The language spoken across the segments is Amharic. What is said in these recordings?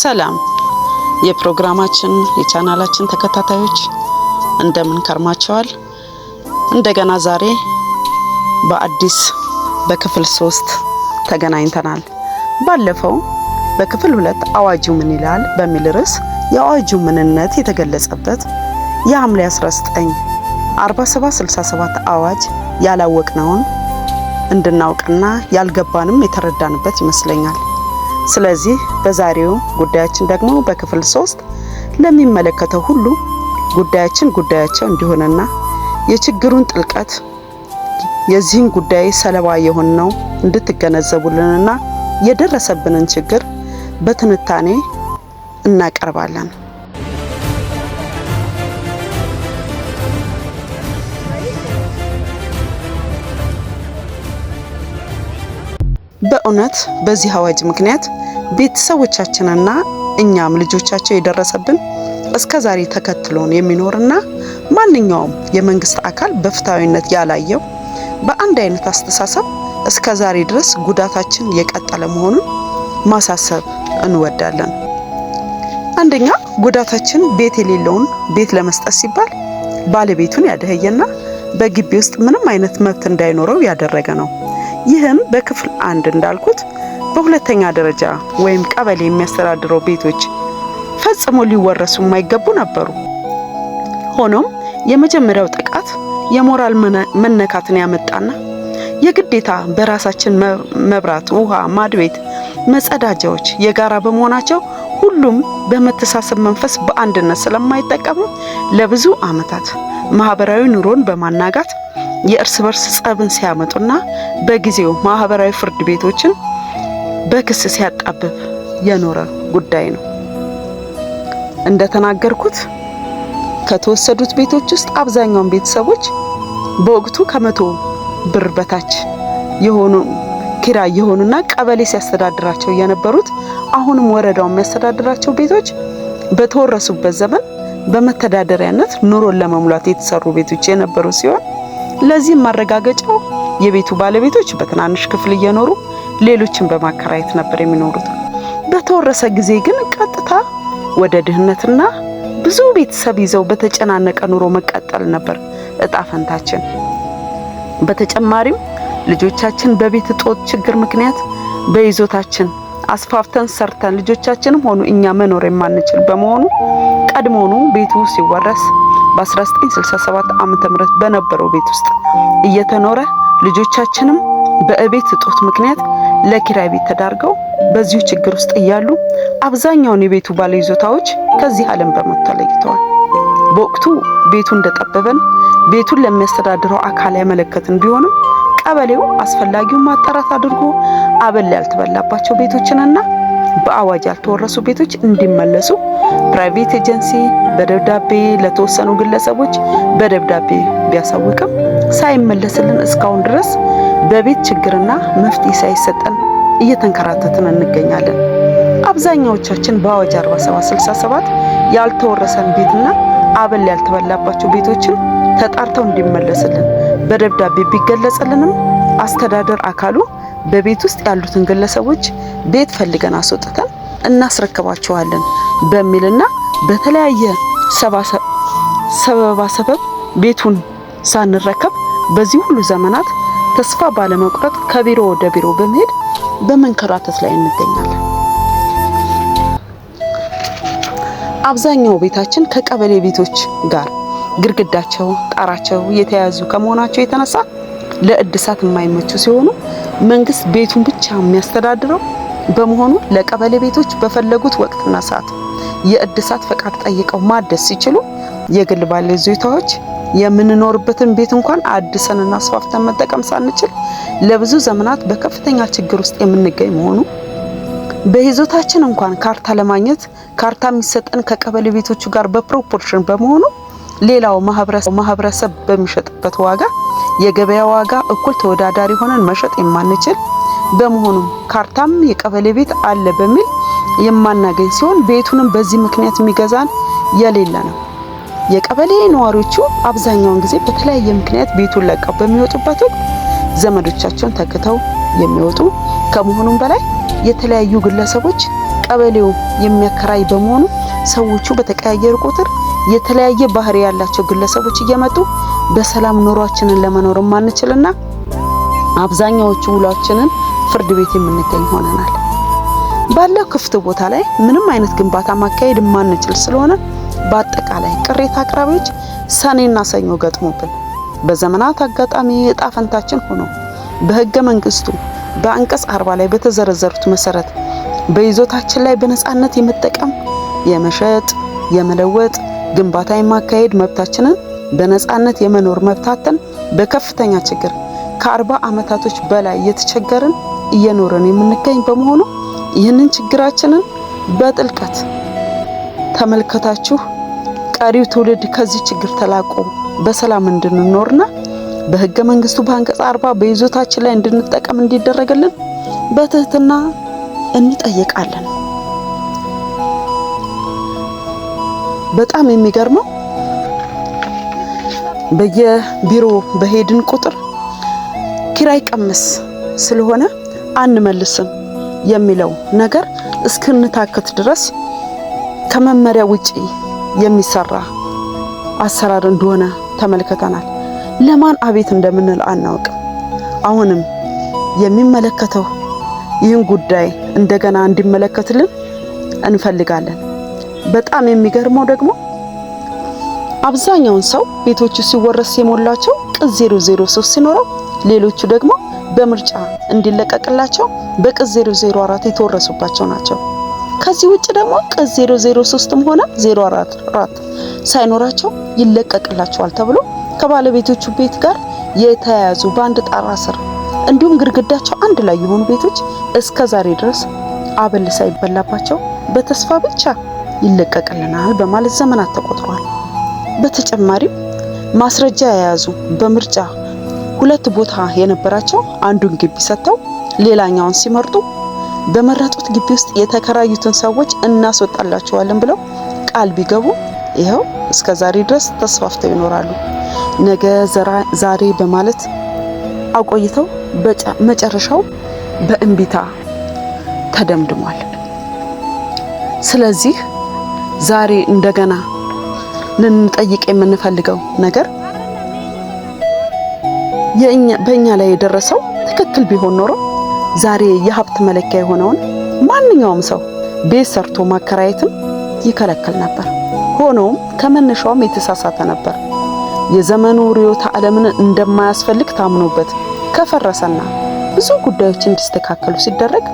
ሰላም የፕሮግራማችን የቻናላችን ተከታታዮች እንደምን ከርማቸዋል? እንደገና ዛሬ በአዲስ በክፍል ሶስት ተገናኝተናል። ባለፈው በክፍል ሁለት አዋጁ ምን ይላል በሚል ርዕስ የአዋጁ ምንነት የተገለጸበት የሐምሌ 19 4767 አዋጅ ያላወቅነውን እንድናውቅና ያልገባንም የተረዳንበት ይመስለኛል። ስለዚህ በዛሬው ጉዳያችን ደግሞ በክፍል ሶስት ለሚመለከተው ሁሉ ጉዳያችን ጉዳያቸው እንዲሆነና የችግሩን ጥልቀት የዚህን ጉዳይ ሰለባ ነው እንድትገነዘቡልንና የደረሰብንን ችግር በትንታኔ እናቀርባለን። በእውነት በዚህ አዋጅ ምክንያት ቤተሰቦቻችንና እኛም ልጆቻቸው የደረሰብን እስከ ዛሬ ተከትሎን የሚኖርና ማንኛውም የመንግስት አካል በፍትሐዊነት ያላየው በአንድ አይነት አስተሳሰብ እስከ ዛሬ ድረስ ጉዳታችን የቀጠለ መሆኑን ማሳሰብ እንወዳለን። አንደኛ ጉዳታችን ቤት የሌለውን ቤት ለመስጠት ሲባል ባለቤቱን ያደህየና በግቢ ውስጥ ምንም አይነት መብት እንዳይኖረው ያደረገ ነው። ይህም በክፍል አንድ እንዳልኩት በሁለተኛ ደረጃ ወይም ቀበሌ የሚያስተዳድረው ቤቶች ፈጽሞ ሊወረሱ የማይገቡ ነበሩ። ሆኖም የመጀመሪያው ጥቃት የሞራል መነካትን ያመጣና የግዴታ በራሳችን መብራት፣ ውሃ፣ ማድቤት፣ መጸዳጃዎች የጋራ በመሆናቸው ሁሉም በመተሳሰብ መንፈስ በአንድነት ስለማይጠቀሙ ለብዙ ዓመታት ማህበራዊ ኑሮን በማናጋት የእርስ በርስ ጸብን ሲያመጡና በጊዜው ማህበራዊ ፍርድ ቤቶችን በክስ ሲያጣብብ የኖረ ጉዳይ ነው። እንደተናገርኩት ከተወሰዱት ቤቶች ውስጥ አብዛኛውን ቤተሰቦች በወቅቱ ከመቶ ብር በታች የሆኑ ኪራይ የሆኑና ቀበሌ ሲያስተዳድራቸው የነበሩት አሁንም ወረዳው የሚያስተዳድራቸው ቤቶች በተወረሱበት ዘመን በመተዳደሪያነት ኑሮን ለመሙላት የተሰሩ ቤቶች የነበሩ ሲሆን ለዚህም ማረጋገጫው የቤቱ ባለቤቶች በትናንሽ ክፍል እየኖሩ ሌሎችን በማከራየት ነበር የሚኖሩት። በተወረሰ ጊዜ ግን ቀጥታ ወደ ድህነትና ብዙ ቤተሰብ ይዘው በተጨናነቀ ኑሮ መቀጠል ነበር እጣ ፈንታችን። በተጨማሪም ልጆቻችን በቤት እጦት ችግር ምክንያት በይዞታችን አስፋፍተን ሰርተን ልጆቻችንም ሆኑ እኛ መኖር የማንችል በመሆኑ ቀድሞውኑ ቤቱ ሲወረስ በ1967 ዓ.ም በነበረው ቤት ውስጥ እየተኖረ ልጆቻችንም በእቤት እጦት ምክንያት ለኪራይ ቤት ተዳርገው በዚሁ ችግር ውስጥ እያሉ አብዛኛውን የቤቱ ባለይዞታዎች ከዚህ ዓለም በሞት ተለይተዋል። በወቅቱ ቤቱ እንደጠበበን ቤቱን ለሚያስተዳድረው አካል ያመለከትን ቢሆንም ቀበሌው አስፈላጊውን ማጣራት አድርጎ አበል ያልተበላባቸው ቤቶችንና በአዋጅ ያልተወረሱ ቤቶች እንዲመለሱ ፕራይቬት ኤጀንሲ በደብዳቤ ለተወሰኑ ግለሰቦች በደብዳቤ ቢያሳውቅም ሳይመለስልን እስካሁን ድረስ በቤት ችግርና መፍትሄ ሳይሰጠን እየተንከራተትን እንገኛለን። አብዛኛዎቻችን በአዋጅ 4767 ያልተወረሰን ቤትና አበል ያልተበላባቸው ቤቶችን ተጣርተው እንዲመለስልን በደብዳቤ ቢገለጽልንም አስተዳደር አካሉ በቤት ውስጥ ያሉትን ግለሰቦች ቤት ፈልገን አስወጥተን እናስረክባቸዋለን በሚልና በተለያየ ሰበባ ሰበብ ቤቱን ሳንረከብ በዚህ ሁሉ ዘመናት ተስፋ ባለመቁረጥ ከቢሮ ወደ ቢሮ በመሄድ በመንከራተት ላይ እንገኛለን። አብዛኛው ቤታችን ከቀበሌ ቤቶች ጋር ግድግዳቸው፣ ጣራቸው የተያያዙ ከመሆናቸው የተነሳ ለእድሳት የማይመቹ ሲሆኑ መንግስት ቤቱን ብቻ የሚያስተዳድረው በመሆኑ ለቀበሌ ቤቶች በፈለጉት ወቅትና ሰዓት የእድሳት ፈቃድ ጠይቀው ማደስ ሲችሉ የግል ባለይዞታዎች የምንኖርበትን ቤት እንኳን አድሰንና አስፋፍተን መጠቀም ሳንችል ለብዙ ዘመናት በከፍተኛ ችግር ውስጥ የምንገኝ መሆኑ በይዞታችን እንኳን ካርታ ለማግኘት ካርታ የሚሰጠን ከቀበሌ ቤቶቹ ጋር በፕሮፖርሽን በመሆኑ ሌላው ማህበረሰብ በሚሸጥበት ዋጋ የገበያ ዋጋ እኩል ተወዳዳሪ ሆነን መሸጥ የማንችል በመሆኑ ካርታም የቀበሌ ቤት አለ በሚል የማናገኝ ሲሆን ቤቱንም በዚህ ምክንያት የሚገዛን የሌለ ነው። የቀበሌ ነዋሪዎቹ አብዛኛውን ጊዜ በተለያየ ምክንያት ቤቱን ለቀው በሚወጡበት ወቅት ዘመዶቻቸውን ተክተው የሚወጡ ከመሆኑም በላይ የተለያዩ ግለሰቦች ቀበሌው የሚያከራይ በመሆኑ ሰዎቹ በተቀያየሩ ቁጥር የተለያየ ባህሪ ያላቸው ግለሰቦች እየመጡ በሰላም ኑሯችንን ለመኖር ማንችልና አብዛኛዎቹ ውሏችንን ፍርድ ቤት የምንገኝ ሆነናል። ባለው ክፍት ቦታ ላይ ምንም አይነት ግንባታ ማካሄድ ማንችል ስለሆነ በአጠቃላይ ቅሬታ አቅራቢዎች ሰኔና ሰኞ ገጥሞብን በዘመናት አጋጣሚ እጣ ፈንታችን ሆኖ በህገ መንግስቱ በአንቀጽ አርባ ላይ በተዘረዘሩት መሰረት በይዞታችን ላይ በነፃነት የመጠቀም የመሸጥ፣ የመለወጥ፣ ግንባታ የማካሄድ መብታችንን በነፃነት የመኖር መብታትን በከፍተኛ ችግር ከአርባ ዓመታቶች በላይ እየተቸገርን እየኖርን የምንገኝ በመሆኑ ይህንን ችግራችንን በጥልቀት ተመልከታችሁ ቀሪው ትውልድ ከዚህ ችግር ተላቆ በሰላም እንድንኖርና በህገ መንግስቱ በአንቀጽ አርባ በይዞታችን ላይ እንድንጠቀም እንዲደረግልን በትህትና እንጠይቃለን። በጣም የሚገርመው በየቢሮ በሄድን ቁጥር ኪራይ ቀምስ ስለሆነ አንመልስም የሚለው ነገር እስክንታክት ድረስ ከመመሪያ ውጪ የሚሰራ አሰራር እንደሆነ ተመልክተናል። ለማን አቤት እንደምንል አናውቅም። አሁንም የሚመለከተው ይህን ጉዳይ እንደገና እንዲመለከትልን እንፈልጋለን። በጣም የሚገርመው ደግሞ አብዛኛውን ሰው ቤቶቹ ሲወረስ የሞላቸው ቅዝ 003 ሲኖረው ሌሎቹ ደግሞ በምርጫ እንዲለቀቅላቸው በቅዝ 004 የተወረሱባቸው ናቸው። ከዚህ ውጭ ደግሞ ቅ 003ም ሆነ 044 ሳይኖራቸው ይለቀቅላቸዋል ተብሎ ከባለቤቶቹ ቤት ጋር የተያያዙ በአንድ ጣራ ስር እንዲሁም ግድግዳቸው አንድ ላይ የሆኑ ቤቶች እስከ ዛሬ ድረስ አበል ሳይበላባቸው በተስፋ ብቻ ይለቀቅልናል በማለት ዘመናት ተቆጥረዋል። በተጨማሪም ማስረጃ የያዙ በምርጫ ሁለት ቦታ የነበራቸው አንዱን ግቢ ሰጥተው ሌላኛውን ሲመርጡ በመረጡት ግቢ ውስጥ የተከራዩትን ሰዎች እናስወጣላቸዋለን ብለው ቃል ቢገቡ ይኸው እስከ ዛሬ ድረስ ተስፋፍተው ይኖራሉ። ነገ ዛሬ በማለት አቆይተው መጨረሻው በእንቢታ ተደምድሟል። ስለዚህ ዛሬ እንደገና ልንጠይቅ የምንፈልገው ነገር በእኛ ላይ የደረሰው ትክክል ቢሆን ኖሮ ዛሬ የሀብት መለኪያ የሆነውን ማንኛውም ሰው ቤት ሰርቶ ማከራየትም ይከለክል ነበር። ሆኖም ከመነሻውም የተሳሳተ ነበር። የዘመኑ ርዕዮተ ዓለምን እንደማያስፈልግ ታምኖበት ከፈረሰና ብዙ ጉዳዮች እንዲስተካከሉ ሲደረግ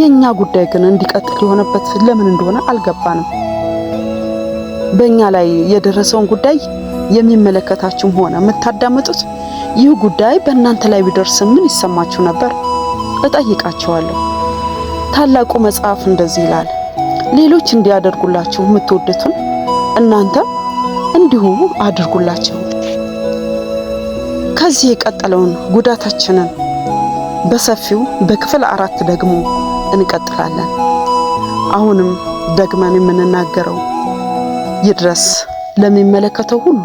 የኛ ጉዳይ ግን እንዲቀጥል የሆነበት ለምን እንደሆነ አልገባንም። በእኛ ላይ የደረሰውን ጉዳይ የሚመለከታችሁም ሆነ የምታዳምጡት ይህ ጉዳይ በእናንተ ላይ ቢደርስ ምን ይሰማችሁ ነበር? እጠይቃችኋለሁ። ታላቁ መጽሐፍ እንደዚህ ይላል፣ ሌሎች እንዲያደርጉላችሁ የምትወዱትን እናንተ እንዲሁ አድርጉላቸው። ከዚህ የቀጠለውን ጉዳታችንን በሰፊው በክፍል አራት ደግሞ እንቀጥላለን። አሁንም ደግመን የምንናገረው ይድረስ ለሚመለከተው ሁሉ